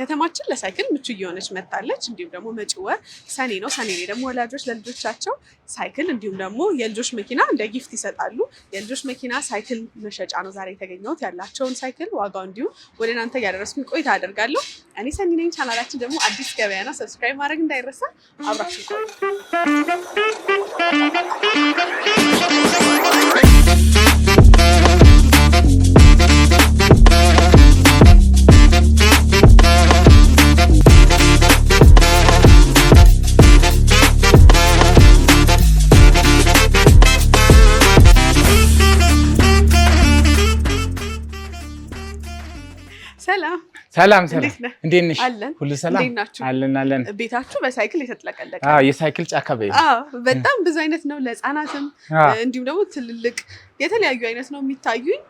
ከተማችን ለሳይክል ምቹ እየሆነች መጥታለች። እንዲሁም ደግሞ መጪው ወር ሰኔ ነው። ሰኔ ደግሞ ወላጆች ለልጆቻቸው ሳይክል እንዲሁም ደግሞ የልጆች መኪና እንደ ጊፍት ይሰጣሉ። የልጆች መኪና ሳይክል መሸጫ ነው ዛሬ የተገኘሁት። ያላቸውን ሳይክል ዋጋው እንዲሁም ወደ እናንተ እያደረስኩኝ ቆይታ አደርጋለሁ። እኔ ሰኒ ነኝ። ቻናላችን ደግሞ አዲስ ገበያ ነው። ሰብስክራይብ ማድረግ እንዳይረሳ። አብራችሁ ሰላም ሰላም፣ እንዴት ነሽ? ሁሉ ሰላም አለን አለን። ቤታችሁ በሳይክል የተጥለቀለቀ የሳይክል ጫካ በይ። በጣም ብዙ አይነት ነው። ለህፃናትም እንዲሁም ደግሞ ትልልቅ የተለያዩ አይነት ነው የሚታዩኝ።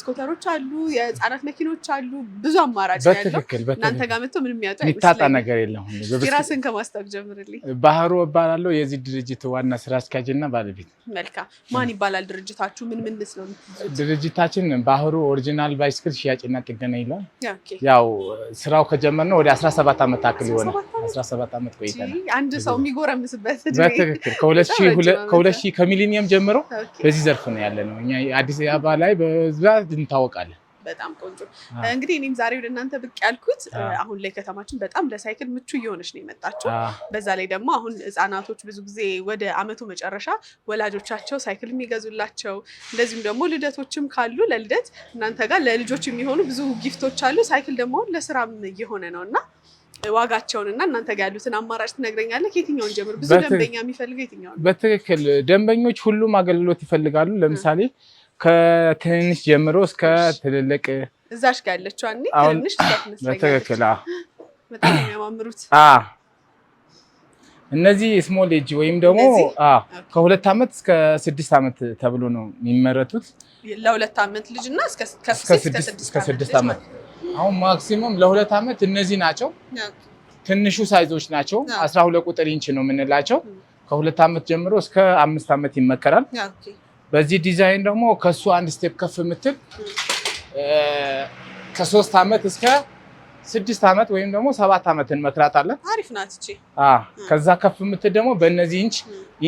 ስኮተሮች አሉ፣ የህፃናት መኪኖች አሉ። ብዙ አማራጭ ያለው እናንተ ጋር መጥቶ ምንም ያጡ የሚታጣ ነገር የለም። የራስን ከማስታወቅ ጀምርልኝ። ባህሩ እባላለሁ የዚህ ድርጅት ዋና ስራ አስኪያጅ እና ባለቤት። መልካም። ማን ይባላል ድርጅታችሁ? ምን ምንስ ነው ድርጅታችን? ባህሩ ኦሪጂናል ባይስክል ሽያጭና ጥገና ይላል። ያው ስራው ከጀመርነው ወደ 17 ዓመት አክል ሆነ። 17 ዓመት ቆይተናል። አንድ ሰው የሚጎረምስበት በትክክል ከሚሊኒየም ጀምሮ በዚህ ዘርፍ ነው ያለን ነው። እኛ አዲስ አበባ ላይ በዛ እንታወቃለን። በጣም ቆንጆ እንግዲህ እኔም ዛሬ ወደ እናንተ ብቅ ያልኩት አሁን ላይ ከተማችን በጣም ለሳይክል ምቹ እየሆነች ነው የመጣችው። በዛ ላይ ደግሞ አሁን ህጻናቶች ብዙ ጊዜ ወደ አመቱ መጨረሻ ወላጆቻቸው ሳይክል የሚገዙላቸው እንደዚሁም ደግሞ ልደቶችም ካሉ ለልደት እናንተ ጋር ለልጆች የሚሆኑ ብዙ ጊፍቶች አሉ። ሳይክል ደግሞ ለስራም እየሆነ ነው እና ዋጋቸውን እና እናንተ ጋር ያሉትን አማራጭ ትነግረኛለህ። የትኛውን ጀምር? ብዙ ደንበኛ የሚፈልገው የትኛው? ነው? በትክክል ደንበኞች ሁሉም አገልግሎት ይፈልጋሉ። ለምሳሌ ከትንንሽ ጀምሮ እስከ ትልልቅ እዛሽ ጋር ያለችው አኔ ትንሽ በትክክል በጣም የሚያማምሩት እነዚህ ስሞል ኤጅ ወይም ደግሞ ከሁለት ዓመት እስከ ስድስት ዓመት ተብሎ ነው የሚመረቱት። ለሁለት ዓመት ልጅ እና እስከ ስድስት ዓመት አሁን ማክሲሙም ለሁለት ዓመት እነዚህ ናቸው። ትንሹ ሳይዞች ናቸው። አስራ ሁለት ቁጥር ኢንች ነው የምንላቸው። ከሁለት ዓመት ጀምሮ እስከ አምስት ዓመት ይመከራል። በዚህ ዲዛይን ደግሞ ከሱ አንድ ስቴፕ ከፍ የምትል ከሶስት ዓመት እስከ ስድስት ዓመት ወይም ደግሞ ሰባት ዓመት እንመክራታለን። አሪፍ ናት እቺ። ከዛ ከፍ የምትል ደግሞ በእነዚህ ኢንች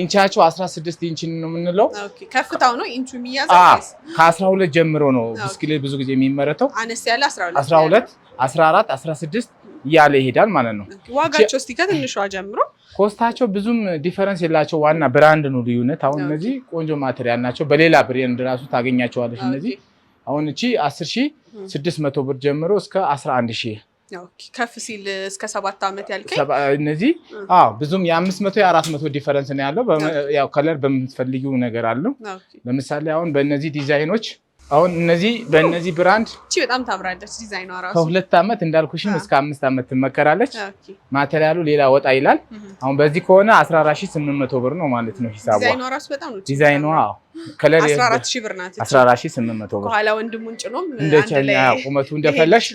ኢንቻቸው 16 ኢንች ነው የምንለው። ኦኬ ከፍታው ነው ኢንቹ የሚያዘው። አዎ 12 ጀምሮ ነው ብስክሌት ብዙ ጊዜ የሚመረተው። አነስ ያለ 12 12 14 16 እያለ ይሄዳል ማለት ነው። ዋጋቸው እስቲ ከትንሿ ጀምሮ ኮስታቸው ብዙም ዲፈረንስ የላቸው። ዋና ብራንድ ነው ልዩነት። አሁን እነዚህ ቆንጆ ማቴሪያል ናቸው። በሌላ ብሬንድ ራሱ ታገኛቸዋለች። እነዚህ አሁን እቺ መቶ ብር ጀምሮ እስከ 11000 ከፍ ሲል እስከ ሰባት ዓመት ያልከኝ እነዚህ ብዙም የአምስት መቶ የአራት መቶ ዲፈረንስ ነው ያለው። ያው ከለር በምትፈልጊው ነገር አለው። ለምሳሌ አሁን በእነዚህ ዲዛይኖች አሁን እነዚህ በእነዚህ ብራንድ እቺ በጣም ታምራለች። ዲዛይኗ ራሱ ከሁለት ዓመት እንዳልኩሽም እስከ አምስት ዓመት ትመከራለች። ማቴሪያሉ ሌላ ወጣ ይላል። አሁን በዚህ ከሆነ 14800 ብር ነው ማለት ነው ሂሳቧ። ዲዛይኗ ራሱ በጣም ነው ዲዛይኗ ከለር 14000 ብር ናት። 14800 ብር ኋላ ወንድሙን ጭኖም እንደ ቻይና ቁመቱ እንደፈለሽ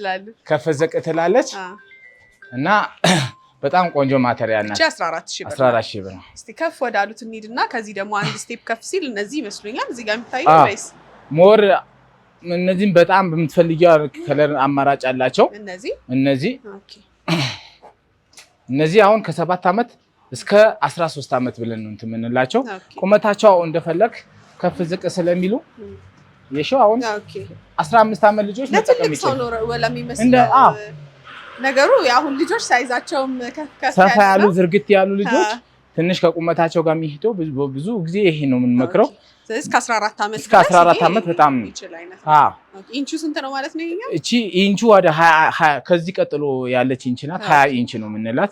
ከፍ ዘቅ ትላለች እና በጣም ቆንጆ ማቴሪያል ናት። 14 ሺህ ብር ነው። እስቲ ከፍ ወዳሉት እንሂድና ከዚህ ደግሞ አንድ ስቴፕ ከፍ ሲል እነዚህ ይመስሉኛል እዚህ ጋር የሚታየው ሞር እነዚህም በጣም በምትፈልጊው ከለር አማራጭ አላቸው። እነዚህ እነዚህ አሁን ከሰባት ዓመት እስከ 13 ዓመት ብለን ነው እንትን የምንላቸው። ቁመታቸው እንደፈለግ ከፍ ዝቅ ስለሚሉ የሺው አሁን 15 ዓመት ልጆች ነገሩ አሁን ልጆች ሳይዛቸውም ሰፋ ያሉ ዝርግት ያሉ ልጆች ትንሽ ከቁመታቸው ጋር የሚሄደው ብዙ ጊዜ ይሄ ነው የምንመክረው። እስከ 14 ዓመት በጣም ነው። ኢንቹ ስንት ነው ማለት ነው? እቺ ኢንቹ ወደ ከዚህ ቀጥሎ ያለች ኢንች ናት። ሀያ ኢንች ነው የምንላት።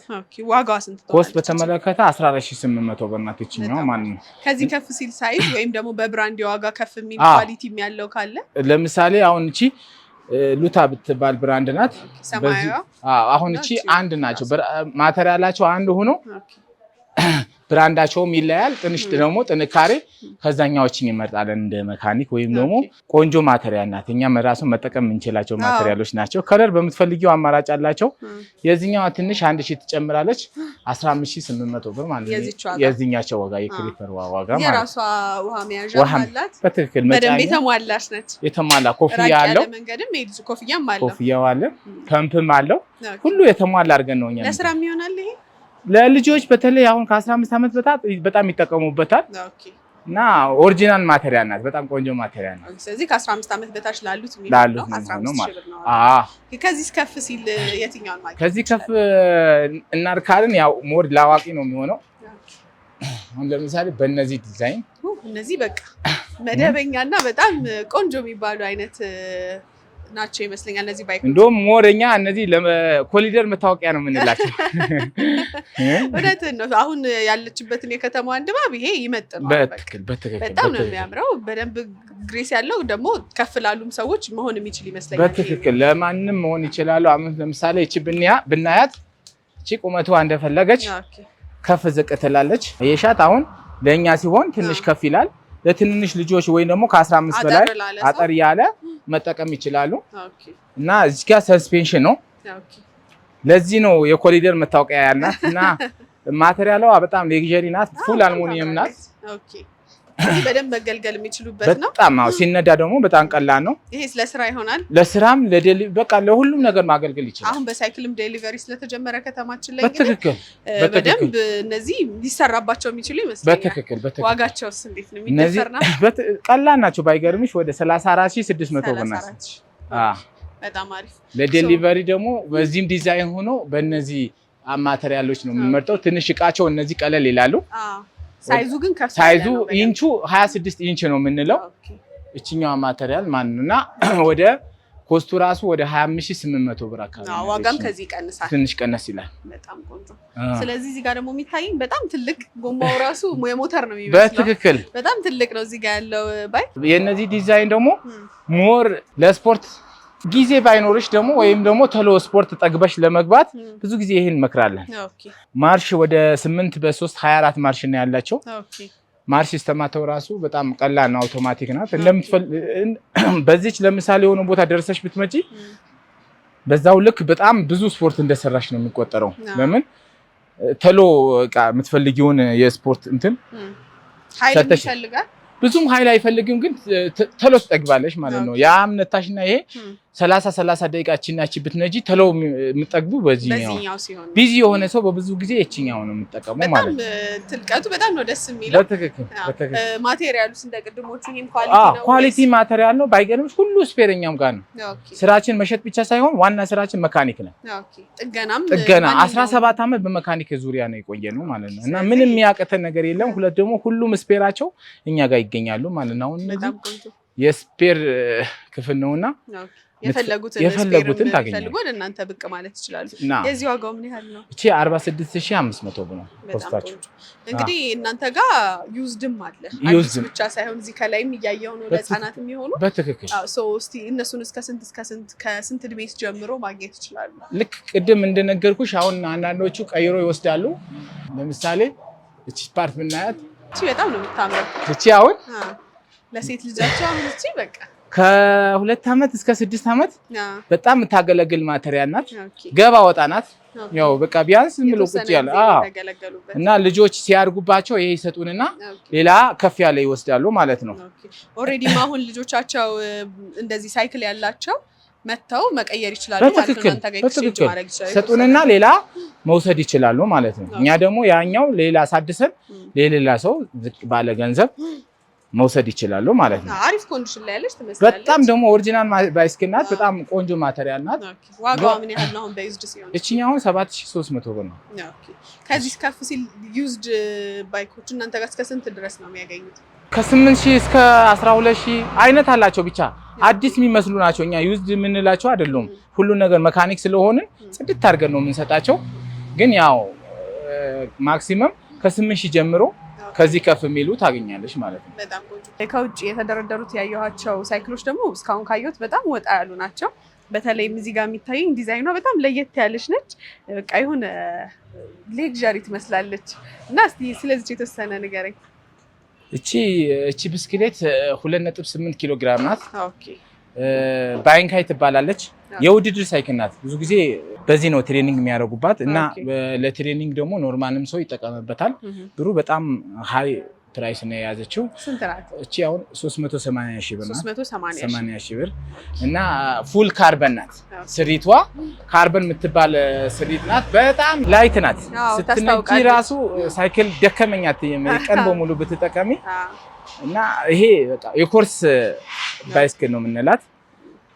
ኮስት በተመለከተ 14800 ብር ናት ይችኛው ማለት ነው። ከዚህ ከፍ ሲል ሳይዝ ወይም ደግሞ በብራንድ የዋጋ ከፍ የሚል ኳሊቲ ያለው ካለ ለምሳሌ አሁን እቺ ሉታ ብትባል ብራንድ ናት። አሁን እቺ አንድ ናቸው ማተሪያላቸው አንድ ሆኖ ብራንዳቸውም ይለያል። ትንሽ ደግሞ ጥንካሬ ከዛኛዎችን ይመርጣለን። እንደ መካኒክ ወይም ደግሞ ቆንጆ ማተሪያል ናት። እኛም ራሱን መጠቀም የምንችላቸው ማተሪያሎች ናቸው። ከለር በምትፈልጊው አማራጭ አላቸው። የዚኛዋ ትንሽ አንድ ሺህ ትጨምራለች። ስምንት መቶ ብር ማለት ነው። የዚኛቸው ዋጋ የክሊፐር ዋጋ ማለት በትክክል የተሟላ ኮፍያ አለው። ኮፍያው አለ፣ ፐምፕም አለው። ሁሉ የተሟላ አድርገን ነው እኛ ለስራ የሚሆናል ይሄ ለልጆች በተለይ አሁን ከ15 ዓመት በታች በጣም ይጠቀሙበታል እና ኦሪጂናል ማቴሪያል ናት። በጣም ቆንጆ ማቴሪያል ናት። ስለዚህ ከ15 ዓመት በታች ላሉት ላሉት ነው ማለት ከዚህ ከፍ ሲል የትኛውን ማለት ከዚህ ከፍ እናርካልን ያው ሞድ ለአዋቂ ነው የሚሆነው። አሁን ለምሳሌ በእነዚህ ዲዛይን እነዚህ በቃ መደበኛና በጣም ቆንጆ የሚባሉ አይነት ናቸው ይመስለኛል። እነዚህ ባይኮች እንደውም ሞረኛ እነዚህ ኮሊደር መታወቂያ ነው የምንላቸው። እውነትን ነው። አሁን ያለችበትን የከተማዋን ድባብ ይሄ ይመጥነዋል። በጣም ነው የሚያምረው። በደንብ ግሬስ ያለው ደግሞ ከፍ ላሉም ሰዎች መሆን የሚችል ይመስለኛል። በትክክል ለማንም መሆን ይችላሉ። አሁን ለምሳሌ እቺ ብናያት እቺ ቁመቷ እንደፈለገች ከፍ ዝቅ ትላለች። የሻት አሁን ለእኛ ሲሆን ትንሽ ከፍ ይላል። ለትንንሽ ልጆች ወይም ደግሞ ከ15 በላይ አጠር ያለ መጠቀም ይችላሉ እና እዚህ ጋር ሰስፔንሽን ነው። ለዚህ ነው የኮሊደር መታወቂያ ያልናት እና ማቴሪያሏ በጣም ሌግዠሪ ናት። ፉል አልሙኒየም ናት። በደንብ መገልገል የሚችሉበት ነው። በጣም አዎ። ሲነዳ ደግሞ በጣም ቀላል ነው። ይሄ ለስራ ይሆናል። ለስራም በቃ ለሁሉም ነገር ማገልገል ይችላል። አሁን በሳይክልም ዴሊቨሪ ስለተጀመረ ከተማችን ላይ በትክክል በደንብ እነዚህ ሊሰራባቸው የሚችሉ ይመስለኛል። በትክክል በትክክል። ዋጋቸውስ እንዴት ነው የሚደፈርና? ቀላል ናቸው። ባይገርምሽ ወደ 34600 ብር ናቸው። በጣም አሪፍ። ለዴሊቨሪ ደግሞ በዚህም ዲዛይን ሆኖ በእነዚህ ማቴሪያሎች ነው የምንመርጠው። ትንሽ እቃቸው እነዚህ ቀለል ይላሉ። ሳይዙ ግን ሳይዙ ኢንቹ 26 ኢንች ነው የምንለው። እችኛዋ ማቴሪያል ማን እና ወደ ኮስቱ ራሱ ወደ 25800 ብር አካባቢ ዋጋም ከዚህ ቀንሳል፣ ትንሽ ቀነስ ይላል። በጣም ቆንጆ። ስለዚህ እዚህ ጋር ደግሞ የሚታየኝ በጣም ትልቅ ጎማው ራሱ የሞተር ነው የሚመስለው። በትክክል በጣም ትልቅ ነው እዚህ ጋር ያለው ባይ። የእነዚህ ዲዛይን ደግሞ ሞር ለስፖርት ጊዜ ባይኖርሽ ደግሞ ወይም ደግሞ ቶሎ ስፖርት ጠግበሽ ለመግባት ብዙ ጊዜ ይሄን እንመክራለን። ማርሽ ወደ ስምንት በሶስት ሀያ አራት ማርሽ ነው ያላቸው። ማርሽ ስተማተው ራሱ በጣም ቀላል ነው፣ አውቶማቲክ ናት። በዚች ለምሳሌ የሆነ ቦታ ደርሰሽ ብትመጪ በዛው ልክ በጣም ብዙ ስፖርት እንደሰራሽ ነው የሚቆጠረው። ለምን ቶሎ የምትፈልጊውን የስፖርት እንትን ብዙም ኃይል አይፈልግም፣ ግን ቶሎ ትጠግባለሽ ማለት ነው። ያ ይሄ ሰላሳ ሰላሳ ደቂቃችን ናቺ ብትነጂ ተለው የምጠግቡ በዚህ ነው። ቢዚ የሆነ ሰው በብዙ ጊዜ እችኛው ነው የምጠቀመው ማለት ነው። ትልቀቱ በጣም ነው ደስ የሚለው። በትክክል ማቴሪያሉስ እንደ ቅድሞቹ ኳሊቲ ማቴሪያል ነው። ባይገርምሽ ሁሉ ስፔረኛም ጋር ነው። ስራችን መሸጥ ብቻ ሳይሆን ዋና ስራችን መካኒክ ነው። ጥገና አስራ ሰባት ዓመት በመካኒክ ዙሪያ ነው የቆየ ነው ማለት ነው። እና ምንም የሚያቅተን ነገር የለም። ሁለት ደግሞ ሁሉም ስፔራቸው እኛ ጋር ይገኛሉ ማለት ነው። አሁን የስፔር ክፍል ነውና የፈለጉትን የፈለጉትን ታገኛለህ። እናንተ ብቅ ማለት ይችላሉ። የዚህ ዋጋው ምን ያህል ነው? እቺ 46500 ብር ነው ኮስታችሁ። እንግዲህ እናንተ ጋር ዩዝድም አለ ዩዝድ ብቻ ሳይሆን እዚህ ከላይም እያየው ነው ለህፃናት የሚሆኑ በትክክል ሶ እስቲ እነሱን እስከ ስንት እስከ ስንት ከስንት እድሜስ ጀምሮ ማግኘት ይችላሉ? ልክ ቅድም እንደነገርኩሽ አሁን አንዳንዶቹ ቀይሮ ይወስዳሉ። ለምሳሌ እቺ ፓርት ብናያት እቺ በጣም ነው የምታምረው። እቺ አሁን ለሴት ልጃቸው አሁን እቺ በቃ ከሁለት ዓመት እስከ ስድስት ዓመት በጣም የምታገለግል ማተሪያ ናት። ገባ ወጣ ናት። ያው በቃ ቢያንስ ምሎ ቁጭ ያለ እና ልጆች ሲያድጉባቸው ይሄ ይሰጡንና ሌላ ከፍ ያለ ይወስዳሉ ማለት ነው። ኦልሬዲ አሁን ልጆቻቸው እንደዚህ ሳይክል ያላቸው መተው መቀየር ይችላሉ ማለት ነው። ሰጡንና ሌላ መውሰድ ይችላሉ ማለት ነው። እኛ ደግሞ ያኛው ሌላ ሳድሰን ለሌላ ሰው ዝቅ ባለ ገንዘብ መውሰድ ይችላሉ ማለት ነው። አሪፍ ኮንዲሽን ላይ ያለች ትመስላለች። በጣም ደግሞ ኦሪጂናል ባይስክል ናት። በጣም ቆንጆ ማተሪያል ናት። ዋጋው ምን ያህል ነው? አሁን በዩዝድ ሲሆን እችኛው 7300 ብር ነው። ከዚህ ከፍ ሲል ዩዝድ ባይኮች uh, እናንተ ጋር እስከ ስንት ድረስ ነው የሚያገኙት? ከስምንት ሺህ እስከ 12000 አይነት አላቸው። ብቻ አዲስ የሚመስሉ ናቸው። እኛ ዩዝድ የምንላቸው አይደሉም። ሁሉ ነገር መካኒክ ስለሆንን ጽድት አድርገን ነው የምንሰጣቸው። ግን ያው ማክሲመም uh, ከስምንት ሺህ ጀምሮ ከዚህ ከፍ የሚሉ ታገኛለች ማለት ነው። ከውጭ የተደረደሩት ያየኋቸው ሳይክሎች ደግሞ እስካሁን ካየሁት በጣም ወጣ ያሉ ናቸው። በተለይም እዚህ ጋር የሚታየኝ ዲዛይኗ በጣም ለየት ያለች ነች። በቃ የሆነ ሌግዣሪ ትመስላለች እና እስኪ ስለዚች የተወሰነ ንገረኝ። እቺ እቺ ብስክሌት ሁለት ነጥብ ስምንት ኪሎ ግራም ናት። በአይንካይ ትባላለች። የውድድር ሳይክል ናት። ብዙ ጊዜ በዚህ ነው ትሬኒንግ የሚያደርጉባት እና ለትሬኒንግ ደግሞ ኖርማልም ሰው ይጠቀምበታል። ብሩ በጣም ሀይ ፕራይስ ነው የያዘችው። እቺ አሁን 380 ሺህ ብር ናት። ሺህ ብር እና ፉል ካርበን ናት። ስሪቷ ካርበን የምትባል ስሪት ናት። በጣም ላይት ናት። ስትነጂ ራሱ ሳይክል ደከመኛት ቀን በሙሉ ብትጠቀሚ እና ይሄ የኮርስ ባይስክል ነው የምንላት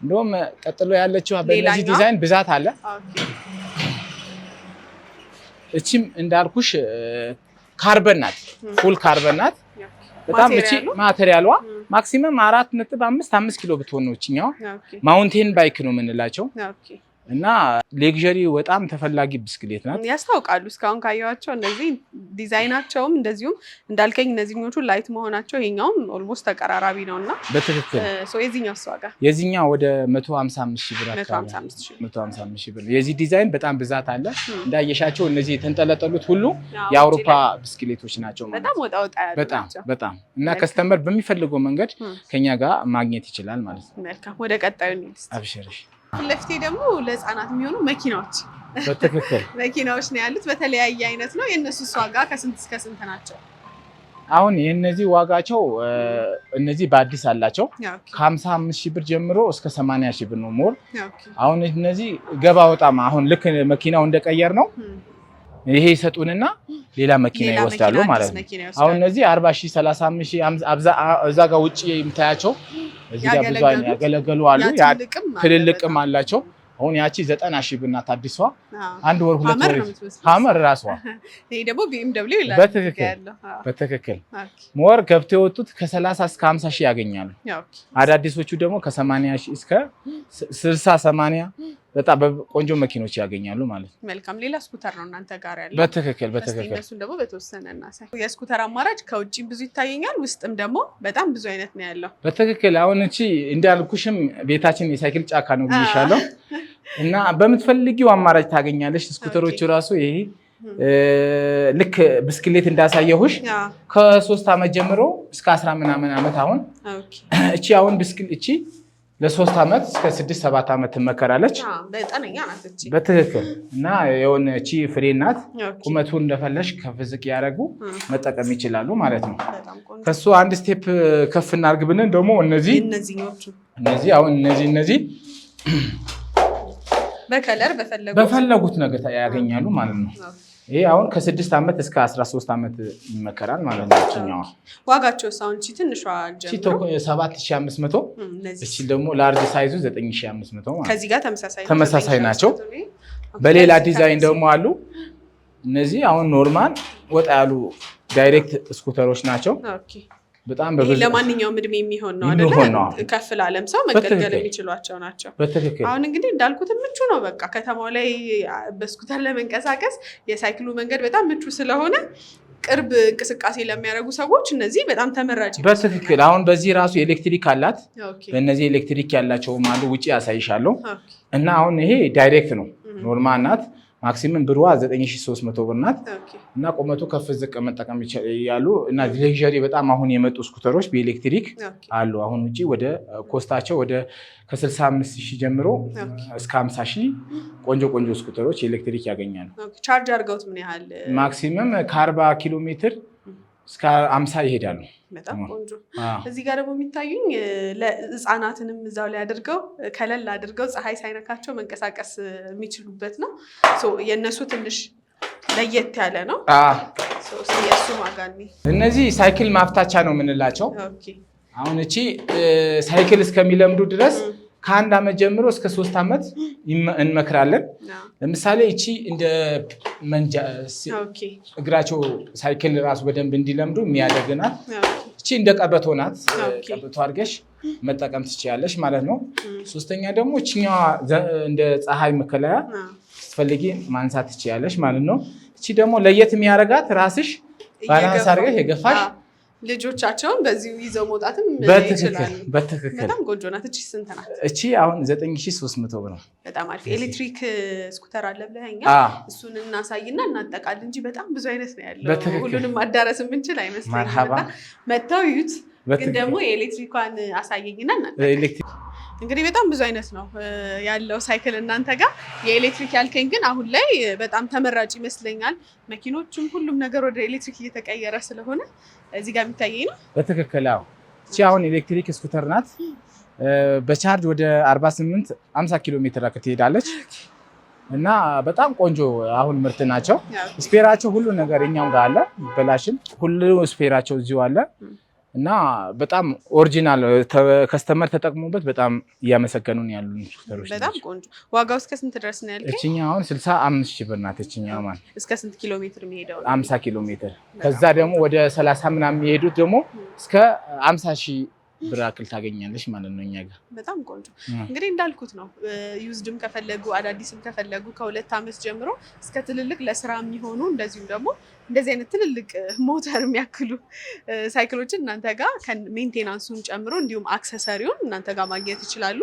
እንደውም ቀጥሎ ያለችው በእነዚህ ዲዛይን ብዛት አለ። እቺም እንዳልኩሽ ካርበን ናት፣ ፉል ካርበን ናት። በጣም እቺ ማቴሪያሏ ማክሲመም አራት ነጥብ አምስት አምስት ኪሎ ብትሆን ነው። እችኛዋ ማውንቴን ባይክ ነው የምንላቸው። እና ሌግዠሪ በጣም ተፈላጊ ብስክሌት ናት። ያስታውቃሉ። እስካሁን ካየኋቸው እነዚህ ዲዛይናቸውም እንደዚሁም እንዳልከኝ እነዚህኞቹ ላይት መሆናቸው ይሄኛውም ኦልሞስት ተቀራራቢ ነው እና በትክክል የዚኛው ዋጋ የዚኛ ወደ 155 ሺህ ብር ነው። የዚህ ዲዛይን በጣም ብዛት አለ እንዳየሻቸው። እነዚህ የተንጠለጠሉት ሁሉ የአውሮፓ ብስክሌቶች ናቸው በጣም በጣም እና ከስተመር በሚፈልገው መንገድ ከኛ ጋር ማግኘት ይችላል ማለት ነው። መልካም ወደ ቀጣዩ አብሽር። ፊት ለፊቴ ደግሞ ለህፃናት የሚሆኑ መኪናዎች በትክክል መኪናዎች ነው ያሉት። በተለያየ አይነት ነው። የእነሱስ ዋጋ ከስንት እስከ ስንት ናቸው? አሁን የነዚህ ዋጋቸው እነዚህ በአዲስ አላቸው ከሀምሳ አምስት ሺህ ብር ጀምሮ እስከ ሰማንያ ሺህ ብር ነው ሞር። አሁን እነዚህ ገባ ወጣማ አሁን ልክ መኪናው እንደቀየር ነው ይሄ ይሰጡንና ሌላ መኪና ይወስዳሉ ማለት ነው። አሁን እነዚህ 40 ሺህ አምስት ሺህ እዛ ጋር ውጭ የምታያቸው እዚህ ጋር ብዙ ያገለገሉ አሉ። ትልልቅም አላቸው አሁን ያቺ ዘጠና ሺህ ብናት አዲሷ አንድ ወር ሁለት ወር ሀመር ራሷ ይሄ ደግሞ ይላል። በትክክል ሞር ገብቶ የወጡት ከሰላሳ እስከ ሀምሳ ሺህ ያገኛሉ። አዳዲሶቹ ደግሞ ከሰማንያ ሺህ እስከ ስልሳ ሰማንያ በጣም በቆንጆ መኪኖች ያገኛሉ ማለት ነው። መልካም ሌላ ስኩተር ነው እናንተ ጋር ያለው። በትክክል በትክክል እነሱን ደግሞ በተወሰነ እናሳይ። የስኩተር አማራጭ ከውጭ ብዙ ይታየኛል፣ ውስጥም ደግሞ በጣም ብዙ አይነት ነው ያለው። በትክክል አሁን እቺ እንዳልኩሽም ቤታችን የሳይክል ጫካ ነው ብዬሻለሁ። እና በምትፈልጊው አማራጭ ታገኛለሽ። ስኩተሮቹ ራሱ ይሄ ልክ ብስክሌት እንዳሳየሁሽ ከሶስት ዓመት ጀምሮ እስከ አስራ ምናምን ዓመት አሁን እቺ አሁን ብስክል እቺ ለሶስት ዓመት እስከ ስድስት ሰባት ዓመት ትመከራለች። በትክክል እና የሆነ እቺ ፍሬ ናት። ቁመቱ እንደፈለሽ ከፍዝቅ ያደረጉ መጠቀም ይችላሉ ማለት ነው። ከሱ አንድ ስቴፕ ከፍ እናርግ ብንን ደግሞ እነዚህ እነዚህ አሁን እነዚህ እነዚህ በከለር በፈለጉት ነገር ያገኛሉ ማለት ነው። ይህ አሁን ከስድስት ዓመት እስከ አስራ ሶስት ዓመት ይመከራል ማለት ነው። ችኛዋ ዋጋቸው ሳሁን ቺ ትንሿ ሰባት ሺ አምስት መቶ እቺ ደግሞ ላርጅ ሳይዙ ዘጠኝ ሺ አምስት መቶ ከዚህ ጋር ተመሳሳይ ናቸው። በሌላ ዲዛይን ደግሞ አሉ። እነዚህ አሁን ኖርማል ወጣ ያሉ ዳይሬክት ስኩተሮች ናቸው። በጣም ለማንኛውም እድሜ የሚሆን ነው አይደለ? ከፍ ላለም ሰው መገልገል የሚችሏቸው ናቸው። አሁን እንግዲህ እንዳልኩት ምቹ ነው። በቃ ከተማው ላይ በስኩተር ለመንቀሳቀስ የሳይክሉ መንገድ በጣም ምቹ ስለሆነ ቅርብ እንቅስቃሴ ለሚያደርጉ ሰዎች እነዚህ በጣም ተመራጭ። በትክክል አሁን በዚህ ራሱ ኤሌክትሪክ አላት። በእነዚህ ኤሌክትሪክ ያላቸውም አሉ። ውጭ ያሳይሻለሁ። እና አሁን ይሄ ዳይሬክት ነው ኖርማል ናት። ማክሲምም ብርዋ 9300 ብር ናት እና ቁመቱ ከፍ ዝቅ መጠቀም ያሉ እና ሌክዠሪ በጣም አሁን የመጡ ስኩተሮች በኤሌክትሪክ አሉ። አሁን ውጭ ወደ ኮስታቸው ወደ ከ65 ሺህ ጀምሮ እስከ 50 ሺህ ቆንጆ ቆንጆ ስኩተሮች ኤሌክትሪክ ያገኛሉ። ቻርጅ አድርገውት ምን ያህል ማክሲምም ከ40 ኪሎ ሜትር እስከ አምሳ ይሄዳሉ። በጣም ቆንጆ። እዚህ ጋር ደግሞ የሚታዩኝ ለህፃናትንም እዛው ላይ አድርገው ከለል አድርገው ፀሐይ ሳይነካቸው መንቀሳቀስ የሚችሉበት ነው። የእነሱ ትንሽ ለየት ያለ ነው። እነዚህ ሳይክል ማፍታቻ ነው የምንላቸው። አሁን እቺ ሳይክል እስከሚለምዱ ድረስ ከአንድ ዓመት ጀምሮ እስከ ሶስት ዓመት እንመክራለን። ለምሳሌ እቺ እንደ መንጃ እግራቸው ሳይክል ራሱ በደንብ እንዲለምዱ የሚያደርግ ናት። እቺ እንደ ቀበቶ ናት። ቀበቶ አድርገሽ መጠቀም ትችያለሽ ማለት ነው። ሶስተኛ ደግሞ እችኛዋ እንደ ፀሐይ መከለያ ስትፈልጊ ማንሳት ትችያለሽ ማለት ነው። እቺ ደግሞ ለየት የሚያደርጋት ራስሽ ባላንስ አድርገሽ የገፋሽ ልጆቻቸውን በዚሁ ይዘው መውጣትም ይችላሉ። በትክክል በጣም ጎጆ ናት። እቺ ስንት ናት? እቺ አሁን ዘጠኝ ሺህ ሦስት መቶ ብር ነው። በጣም አሪፍ ኤሌክትሪክ ስኩተር አለ ብለኸኛ፣ እሱን እናሳይና እናጠቃል እንጂ በጣም ብዙ አይነት ነው ያለው። ሁሉንም ማዳረስ የምንችል አይመስለኝም። መጥተው ዩት ግን ደግሞ የኤሌክትሪኳን አሳየኝና እናጠቃል። እንግዲህ በጣም ብዙ አይነት ነው ያለው ሳይክል እናንተ ጋር። የኤሌክትሪክ ያልከኝ ግን አሁን ላይ በጣም ተመራጭ ይመስለኛል። መኪኖቹም ሁሉም ነገር ወደ ኤሌክትሪክ እየተቀየረ ስለሆነ እዚህ ጋር የሚታየኝ ነው በትክክል። ው እቺ አሁን ኤሌክትሪክ ስኩተር ናት። በቻርጅ ወደ 48 50 ኪሎ ሜትር ትሄዳለች እና በጣም ቆንጆ አሁን ምርት ናቸው። ስፔራቸው ሁሉ ነገር እኛም ጋር አለ። በላሽን ሁሉ ስፔራቸው እዚሁ አለ። እና በጣም ኦሪጂናል ከስተመር ተጠቅሞበት በጣም እያመሰገኑን ያሉ ኢንስትራክተሮች። በጣም ቆንጆ። ዋጋው እስከ ስንት ድረስ ነው ያለው? እችኛ አሁን ስልሳ አምስት ሺህ ብር ናት። እችኛ ማለት እስከ ስንት ኪሎ ሜትር የሚሄደው? አምሳ ኪሎ ሜትር። ከዛ ደግሞ ወደ ሰላሳ ምናምን የሚሄዱት ደግሞ እስከ አምሳ ሺህ ብር አክል ታገኛለች ማለት ነው እኛ ጋር። በጣም ቆንጆ እንግዲህ እንዳልኩት ነው። ዩዝድም ከፈለጉ አዳዲስም ከፈለጉ ከሁለት ዓመት ጀምሮ እስከ ትልልቅ ለስራ የሚሆኑ እንደዚሁም ደግሞ እንደዚህ አይነት ትልልቅ ሞተር የሚያክሉ ሳይክሎችን እናንተ ጋር ሜንቴናንሱን ጨምሮ እንዲሁም አክሰሰሪውን እናንተ ጋር ማግኘት ይችላሉ።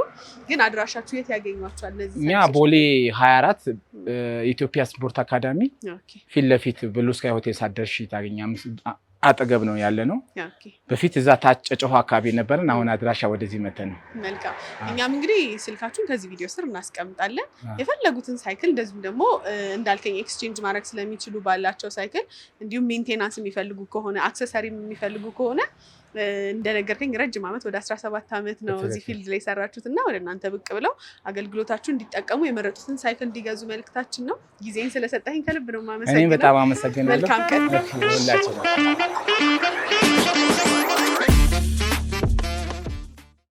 ግን አድራሻችሁ የት ያገኟቸዋል? እነዚህ እኛ ቦሌ 24 ኢትዮጵያ ስፖርት አካዳሚ ፊት ለፊት ብሉ ስካይ ሆቴል ሳደርሽ ታገኛ አጠገብ ነው ያለ ነው። በፊት እዛ ታጨጨሁ አካባቢ ነበረን። አሁን አድራሻ ወደዚህ መተን ነው። መልካም። እኛም እንግዲህ ስልካችሁን ከዚህ ቪዲዮ ስር እናስቀምጣለን። የፈለጉትን ሳይክል እንደዚሁም ደግሞ እንዳልከኝ ኤክስቼንጅ ማድረግ ስለሚችሉ ባላቸው ሳይክል፣ እንዲሁም ሜንቴናንስ የሚፈልጉ ከሆነ አክሰሰሪ የሚፈልጉ ከሆነ እንደነገርከኝ ረጅም ዓመት ወደ 17 ዓመት ነው እዚህ ፊልድ ላይ የሰራችሁት እና ወደ እናንተ ብቅ ብለው አገልግሎታችሁ እንዲጠቀሙ የመረጡትን ሳይክል እንዲገዙ መልእክታችን ነው። ጊዜን ስለሰጠኝ ከልብ ነው የማመሰግነው። እኔም በጣም አመሰግናለሁ። መልካም ቀን።